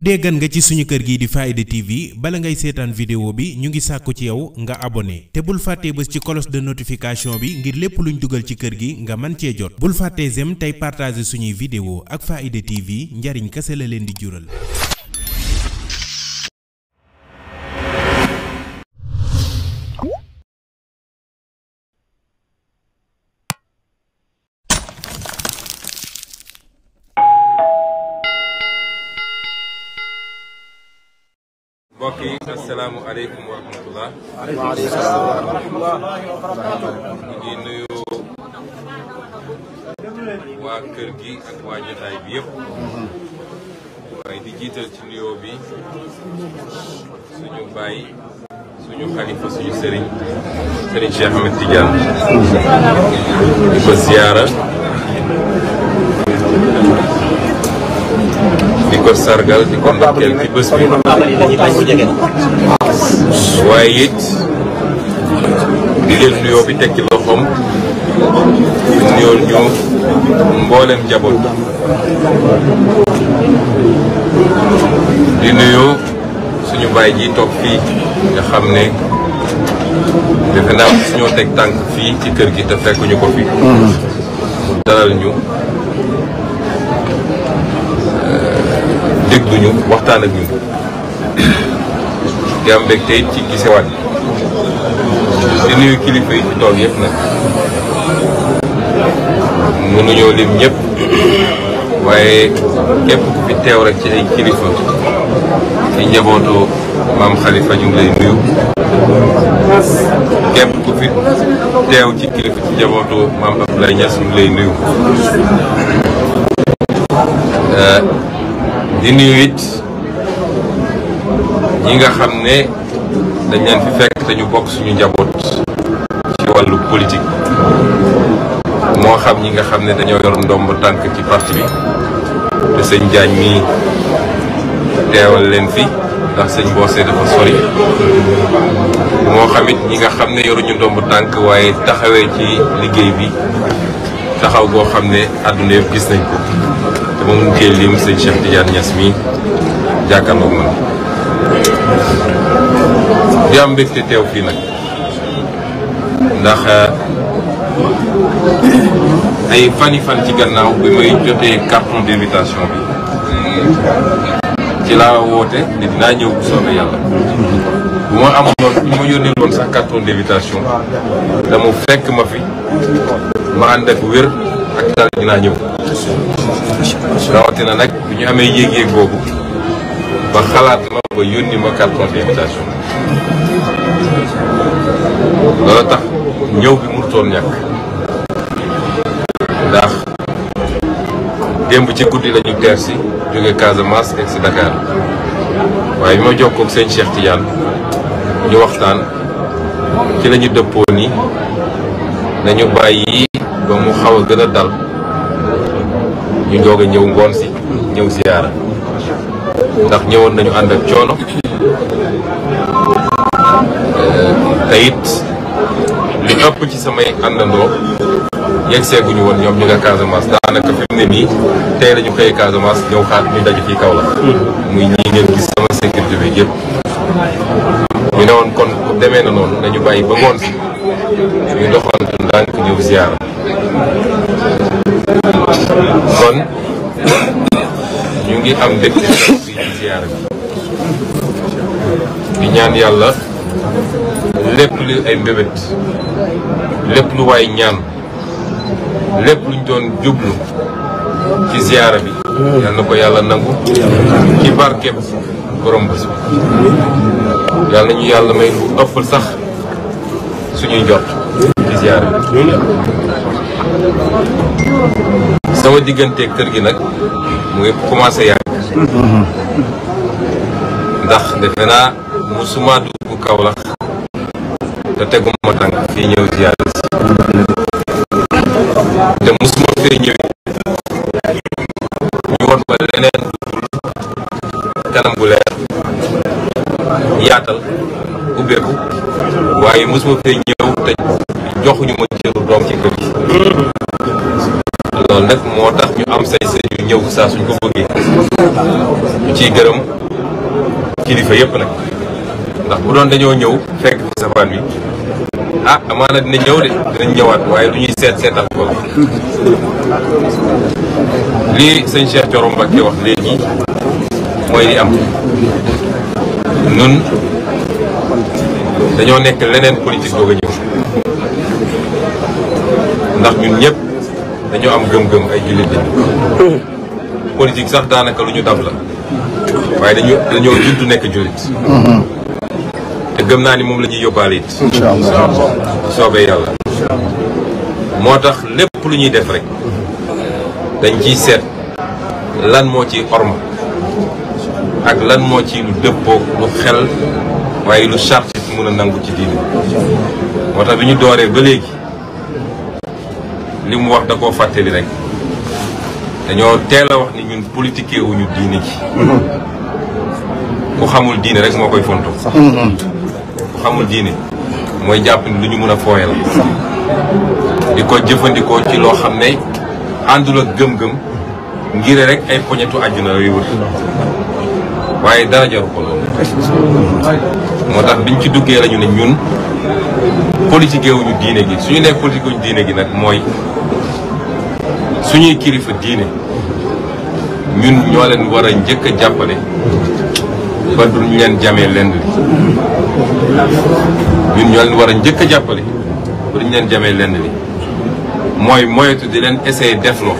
déggan nga ci suñu kër gii di Faaida TV bala ngay seetaan vidéo bi ñu ngi sàkku ci yow nga abonné te bul fàttee bés ci cloche de notification bi ngir lépp luñ dugal ci kër gi nga mën cee jot bul fàttee zem tey partager suñuy vidéo ak Faaida TV njariñ kese la leen di jural mbokk yi asalaamualeykum wa rahmatullah ñu ngi nuyu waa kër gi ak waa jotaay bi yëpp waaye di jiital ci nuyoo bi suñu bàyyi suñu xalifa suñu sëriñ sëriñ Cheikh Ahmed Tidiane di ko siyaara ko sargal di ko ndokkeel ci bés bi waaye it di leen bi teg ci loxoom nuyoo ñu di nuyoo suñu baay ji toog fii nga xam ne defe naa suñoo teg tànk fii ci kër gi te fekkuñu ko fi mm-hmm. dalal ñu ñu waxtaan ak ñun di am mbégte it ci gisewaat yi nuyu kilifa yi ci tool yëpp nag mënuñoo lim ñëpp waaye képp ku fi teew rek ci ay kilifa ci njabootu maam Khalifa ñu ngi lay nuyu képp ku fi teew ci kilifa ci njabootu maam Abdoulaye Niass ñu ngi lay nuyu euh, di nuyu it ñi nga xam ne dañ leen fi fekk te ñu bokk suñu njaboot ci wàllu politik moo xam ñi nga xam ne dañoo yor ndomb tànk ci parti bi te sëñ Diagne mi teewal leen fi ndax sëñ Bosse dafa sori moo xam ñi nga xam ne yoruñu ndomb tànk waaye taxawee ci liggéey bi. taxaw boo xam ne àdduna yëpp gis nañ ko te ma mun cee lim sëñ Cheikh Tidiane Niass mi jàkkaarloog man di am mbégte teew fii nag ndax eh, ay fani fan ci gannaaw bi may jotee carton d'invitation bi ci laa woote ne dinaa ñëw bu soobee yàlla bu ma amoon bu ma yónnee woon sax carton d'invitation dama fekk ma fi ma ànd ak wér ak tal dinaa ñëw rawatina nag bu ñu amee yéeg-yéeg boobu ba xalaat ma ba yónni ma carton d'invitation loolu tax ñëw bi mënutoon ñàkk ndax démb ci guddi lañu teer ci jóge Casamance ak si waaye bi ma jokkoo ak sëñ Cheikh ñu waxtaan ci la ñu dëppoo ni nañu bàyyi ba mu xaw a gën a dal ñu doog ñëw ngoon si ñëw ziyaara ndax ñëwoon nañu ànd ak coono eh, te it ëpp ci samay àndandoo yegg seeguñu woon ñoom ñu nga Casamance daanaka fi mu ne nii tey la ñu xëyee Casamance ñëw xaar ñu daje fii kaw la muy ñii ngeen gis sama sécurité bi yëpp ñu ne woon kon demee na noonu nañu bàyyi ba ngoon si ñu doxoon ndànk ñëw ziar ñu ngi am mbégte bi ci ñaan yàlla lépp lu ay mbébét lépp lu waay ñaan lépp luñ doon jublu ci ziar bi yal ko yàlla nangu ci barkeem borom bi yàlla nañu yàlla may lu ëppal sax suñuy jot sama diggante kër gi nag mu ngi commencé yàgg ndax defe naa musuma dugg Kaolack te teguma tànk fii ñëw ziar ubbeeku waaye musuma fee ñëw tëj joxuñu ma cëru doom ci kër gi. loolu moo tax ñu am say say ñëw saa suñ ko bëggee. ci ciy gërëm kilifa yëpp nag ndax bu doon dañoo ñëw fekk fi safaan bi ah amaana dina ñëw de dañ ñëwaat waaye lu ñuy seet seetal ko lii sëñ Cheikh Thioro Mbacké wax léegi mooy li am nun dañoo nekk leneen politique doog ndax ñun ñëpp dañoo am gëm-gëm ay jullit lañu. politique sax daanaka lu ñu dab la. waaye dañu dañoo juddu nekk jullit. te gëm naa ni moom la ñuy yóbbaale it. incha soobee yàlla. moo tax lépp lu ñuy def rek dañ ci seet lan moo ci orma ak lan moo ci lu dëppoo lu xel waaye lu charte mën a nangu ci diine moo tax bi ñu ba léegi. li mu wax da koo fàttali rek dañoo teel a wax ni ñun politiqué wuñu ji ku xamul diine rek moo koy fonto ku xamul diine mooy jàpp ni lu ñu mën a fooye la di ko jëfandikoo ci loo xam ne àndul ak gëm-gëm ngir rek ay poñetu àjjuna yu wër waaye dara jaru ko moo tax biñ ci duggee lañu ne ñun politiqué wuñu diine gi suñu nekk politiqué wuñu diine gi nag mooy suñuy kilifa diine ñun ñoo leen war a njëkk jàppale ba duñ leen jamee lenn li ñoo leen war a njëkk a jàppale ba leen jamee lenn li mooy moyetu di leen essayer def loo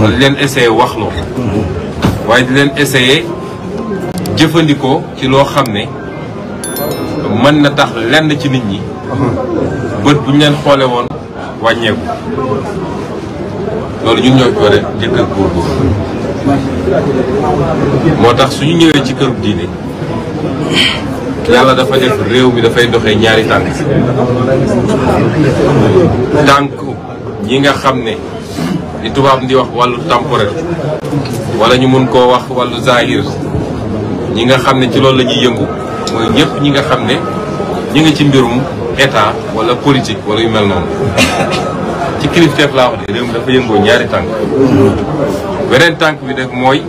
wala di leen essayer wax loo waaye di leen essayer jëfandikoo ci loo xam ne mën na tax lenn ci nit ñi bët bu ñu leen xoole woon wàññeeku loolu ñun ñoo ci war a jëkk moo tax suñu ñëwee ci këru diine yàlla dafa def réew mi dafay doxee ñaari tànk tànk yi nga xam ne ni tubaab di wax wàllu temporel wala ñu mën koo wax wàllu zahir ñi nga xam ne ci loolu lañuy yëngu mooy ñëpp ñi nga xam ne ñi nga ci mbirum état wala politique wala yu mel noonu ci kilifteef laa wax de réew mi dafa yëngoo ñaari tànk beneen tànk bi nag mooy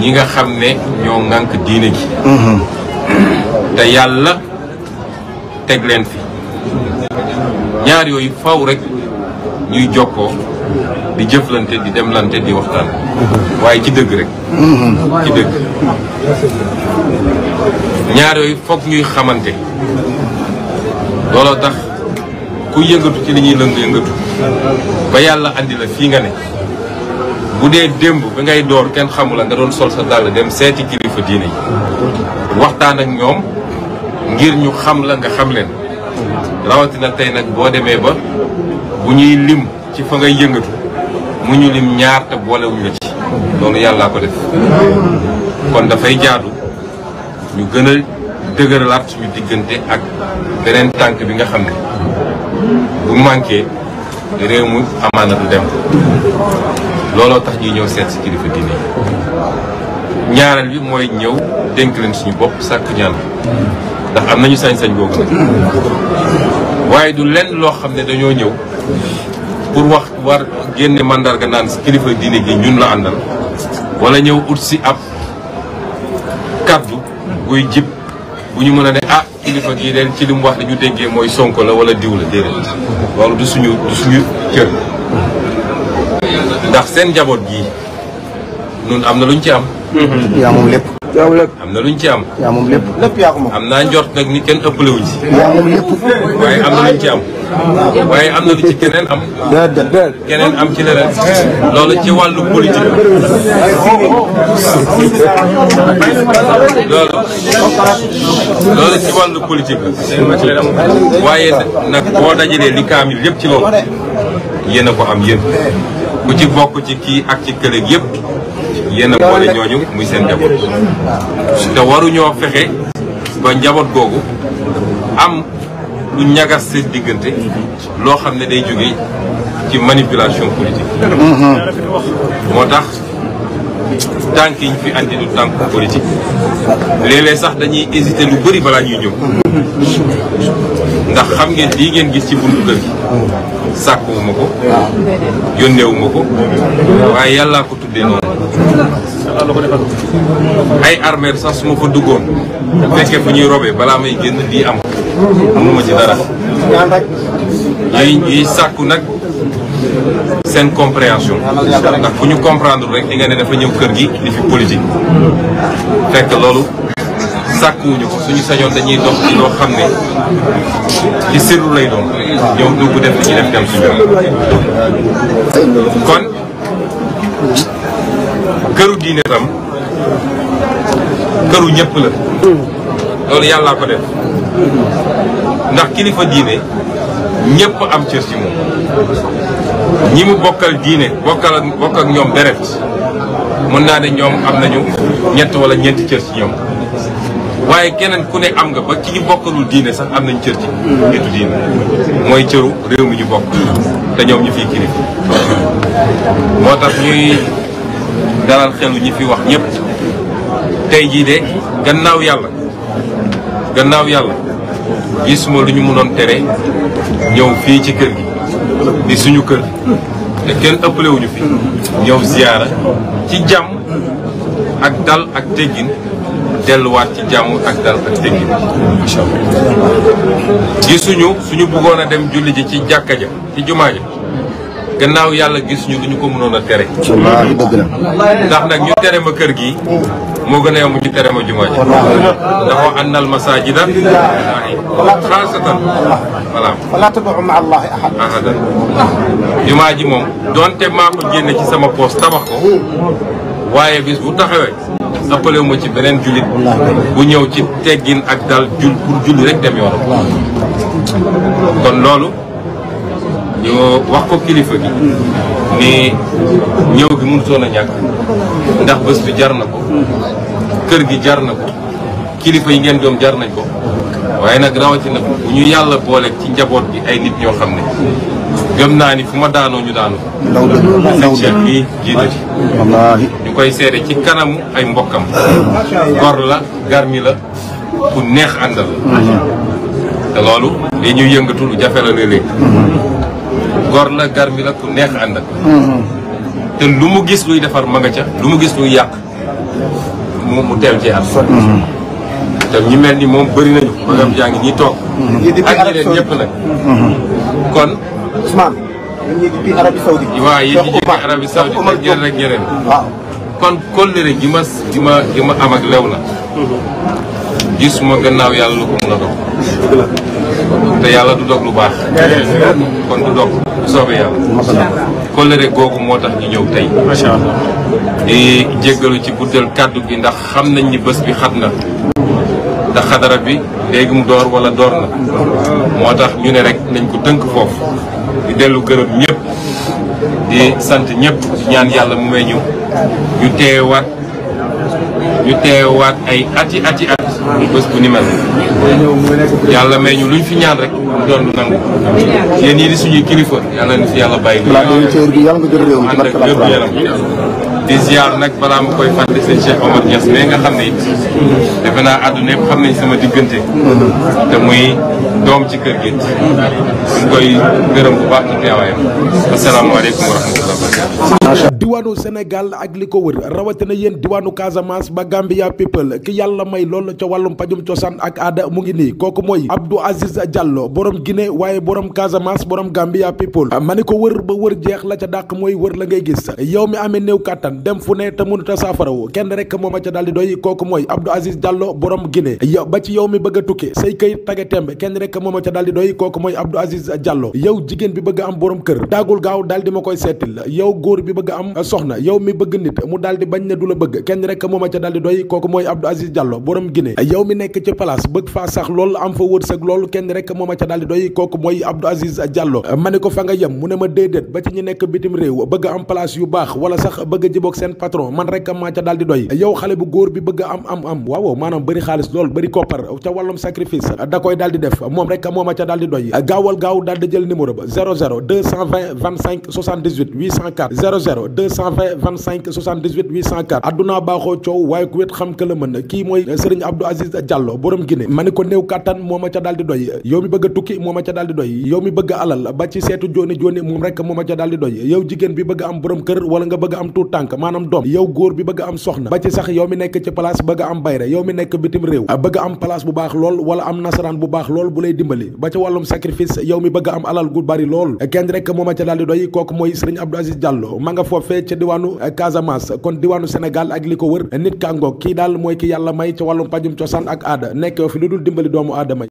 ñi nga xam ne ñoo ŋànk diine gi te yàlla teg leen fi ñaar yooyu faw rek ñuy jokkoo di jëflante di demlante di waxtaan waaye ci dëgg rek ci dëgg ñaar yooyu foog ñuy xamante looloo tax ku yëngatu ci li ñuy lëng yëngatu ba yàlla andi la fii nga ne bu dee démb ba ngay door kenn xamu la nga doon sol sa dàll dem seeti kilifa diine yi waxtaan ak ñoom ngir ñu xam la nga xam leen rawatina tey nag boo demee ba bu ñuy lim ci fa ngay yëngatu mu ñu lim ñaar te boolewuñ la ci loolu yàllaa ko def kon dafay jaadu ñu gën dëgëralaat suñu diggante ak beneen tànk bi nga xam ne bu manqué réew mu amaana du dem looloo tax ñuy ñëw seet si kilifa diine yi bi mooy ñëw dénk leen suñu bopp sàkk ñaan ndax am nañu sañ-sañ boobu nag waaye du lenn loo xam ne dañoo ñëw pour wax war génne mandarga naan si kilifa diine gi ñun la àndal wala ñëw ut si ab kàddu guy jib bu ñu mën a ne ah kilifa gii leen ci li mu wax dañu déggee mooy sonko la wala diw la déedéet loolu du suñu cër ndax seen njaboot gi nun am na luñ ci am. Mm-hmm. yaa moom lépp. am na luñ ci am. yaa moom lépp. lépp yaa ko am naa njort nag ni kenn ëppale wuñ ci. yaa moom lépp. am na lu ci am. waaye am na lu ci keneen am. keneen am ci leneen. loolu ci wàllu politique la. loolu loolu ci wàllu politique la. waaye nag boo dajalee li kaamil yëpp ci loolu yéen a ko am yéen ku ci bokk ci kii ak ci kële yëpp yéen a boole ñooñu muy seen njaboot te waruñoo fexe ba njaboot googu am. lu ñagas seen diggante loo xam ne day jóge ci manipulation politique moo tax tànk yi ñu fi andi tànk politique léeg sax dañuy hésité lu bëri balaa ñuy ñëw ndax xam ngeen lii ngeen gis ci buntu kër sàkkuwuma ko yónneewuma ko waaye yàllaa ko tuddee noonu ay armeel sax su ma fa duggoon fekkee fu ñuy robee balaa may génn lii am xamuma ci dara ñuy ñuy sàkku nag seen compréhension ndax bu ñu comprendre rek di nga ne dafa ñëw kër gi di fi politique fekk loolu sàkkuwuñu ko suñu sañoon dañuy dox ci loo xam ne ci sirru lay doon ñëw dugg def li ñuy def dem suñu kon këru diine këru ñëpp la loolu yàllaa ko def ndax kilifa diine ñëpp am cër ci moom ñi mu bokkal diine bokkal ak bokk ak ñoom deret mën naa ne ñoom am nañu ñett wala ñeenti cër ci ñoom waaye keneen ku ne am nga ba ci ñu bokkalul diine sax am nañ cër ci nitu diine mooy cëru réew mi ñu bokk te ñoom ñu fiy kilifa moo tax ñuy dalal xelu ñi fi wax ñëpp tey jii de gannaaw yàlla gannaaw yàlla gisuma lu ñu mënoon tere ñëw fii ci kër gi di suñu kër te kenn ëppalewuñu fi ñëw ziyaara ci jàmm ak dal ak teggin delluwaat ci jàmm ak dal ak teggin gisuñu suñu bëggoon a dem julli ji ci jàkka ja ci jumaa ja gannaaw yàlla gisuñu lu ñu ko mënoon a tere ndax nag ñu tere ma kër gi moo gën a yomb ci tere ma jumaa ji ndax wa anna al masajida xaasatan voilà fala tad'u jumaa ji moom donte maa ko génne ci sama poos tabax ko waaye bis bu taxawee ëppalewu ma ci beneen jullit bu ñëw ci teggin ak dal jul pour julli rek dem yoonam kon loolu ñoo wax ko kilifa gi ne ñëw gi mënutoon a ñàkk ndax bés bi jar na ko kër gi jar na ko kilifa yi ngeen doom jar nañ ko waaye nag rawatina bu ñu yàlla boole ci njaboot gi ay nit ñoo xam ne gëm naa ni fu ma daanoo ñu daanu sëñ Cheikh mii jiite ci ñu koy seere ci kanamu ay mbokkam gor la garmi la ku neex àndal mm-hmm. te loolu li ñuy yëngatu lu jafe la léeg gor na garmi la ku neex ànd ak te lu mu gis luy defar ma nga ca lu mu gis luy yàq mu mu teel ci at te ñu mel ni moom bari nañu magam jaa ngi ñi toog ak ñeneen ñëpp nag mhm. kon di jóge Arabie Saoudite ak ñeneen ak ñeneen waaw kon kóllëre gi ma gi ma gi ma am ak lew na mhm. suma gannaaw yàlla lu ko mën a dog te yàlla du dog lu baax kon du dog soobee yàlla. macha allah kóllëre googu moo tax ñu ñëw tey. macha allah di jéggalu ci guddal kàddu gi ndax xam nañ ni bés bi xat na. te xadara bi léegi mu door wala door na. moo tax ñu ne rek nañ ko tënk foofu. di dellu gërëm ñëpp. di sant ñëpp ñaan yàlla mu may ñu. ñu teewaat ñu teewaat ay ati ati bés bu ni mel yàlla may ñu luñ fi ñaan rek mu doon lu nangu yéen ñii di suñuy kilifa yàlla ni fi yàlla bàyyi ànd ak wér gu yaram di ziar nag balaa ma koy fàtte seen Cheikh Omar Niass mais nga xam ne it defe naa àdduna yëpp xam nañ sama diggante te muy doom ci kër gi ñu koy gërëm bu baax ci teewaayam asalaamaaleykum wa rahmatullah diwaanu Sénégal ak li ko wër rawatina yéen diwaanu Casamance ba Gambia people ki yàlla may lool ca wàllum pajum cosaan ak aada mu ngi nii kooku mooy Abdou Aziz Diallo borom Guinée waaye borom Casamance borom Gambia people ma ni ko wër ba wër jeex la ca dàq mooy wër la ngay gis yow mi amee néew kàttan dem fu ne te mënut a saafarawu kenn rek mooma ca daal di doy kooku mooy Abdou Aziz Diallo borom Guinée yow ba ci yow mi bëgg a tukki say këyit tage kenn rek mooma ca daal di doy kooku mooy Abdou Aziz Diallo yow jigéen bi bëgg am boroom kër daagul gaaw daal yow góor bi bëgg am soxna yow mi bëgg nit mu daal di bañ ne du la bëgg kenn rek mooma ca daal di doy kooku mooy Abdou Aziz Diallo borom Guinée yow mi nekk ci place bëgg faa sax lool am fa wërsëg lool kenn rek mooma ca nga yem mu ne ma déedéet ba ci ñi yu baax wala sax bëgg jiboog seen patron man rek maa ca daal di doy yow xale bu góor bi bëgg am am am waaw maanaam bëri xaalis lool bëri koppar ca wàllum sacrifice da koy daal def moom rek mooma ca daal doy gaawal gaaw daal jël numéro ba 00 220 25 78 800 804 00 220 25 78 baaxoo coow waaye ku wet xam ka kii mooy Serigne Abdou Aziz Diallo borom Guinée ma ne ko néew kattan moo ca daal doy yow mi bëgg am borom kër wala nga bëgg am tuut tànk doom yow góor bi bëgg am soxna ba ci sax yow mi nekk ci place bëgg am bayre yow mi nekk bitim réew bëgg am place bu baax lool wala am nasaraan bu baax lool bu lay dimbali ba ci wàllum sacrifice yow mi bëgg am alal gu bari lool kenn rek moo ca daal Diallo ma nga foofee ca diwaanu eh, Casamance kon diwaanu Sénégal ak li ko wër nit kàngoog kii daal mooy ki yàlla may ca wàllum pajum cosaan ak aada nekk fi lu dul dimbali doomu aadama